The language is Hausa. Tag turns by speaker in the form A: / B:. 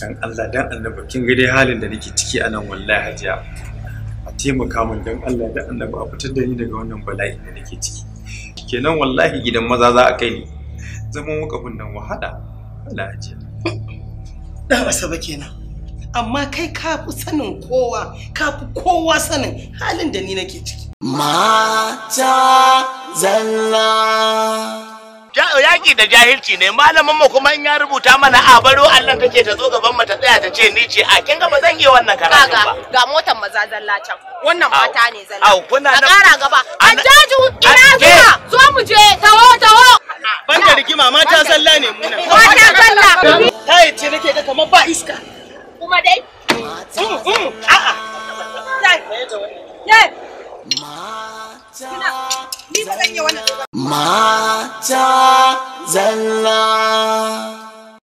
A: dan Allah dan annabi kin ga dai halin da nake ciki a nan wallahi hajiya a taimaka min dan Allah dan annabi a fitar da ni daga wannan bala'i da nake ciki kenan wallahi gidan maza za a kai ni zaman wakafin nan wahala wallahi hajiya
B: da asaba kenan amma kai ka fi sanin kowa ka fi kowa sanin halin da ni nake ciki
C: mata
B: zalla
C: yaki da jahilci ne malamin mu kuma in ya rubuta mana a baro Allah wanke ta zo gaban mata tsaya ta ce ni ce a kin ga zan iya wannan karatu ba
D: ga motar maza zalla can wannan mata ne zalla au kuna na kara gaba ajaju ina zuwa zo mu je tawo tawo
E: ban da rigima mata zalla ne muna mata zalla ta yi ce nake ga kamar ba iska kuma dai mm, mm, mm, a'a
F: Mata zalla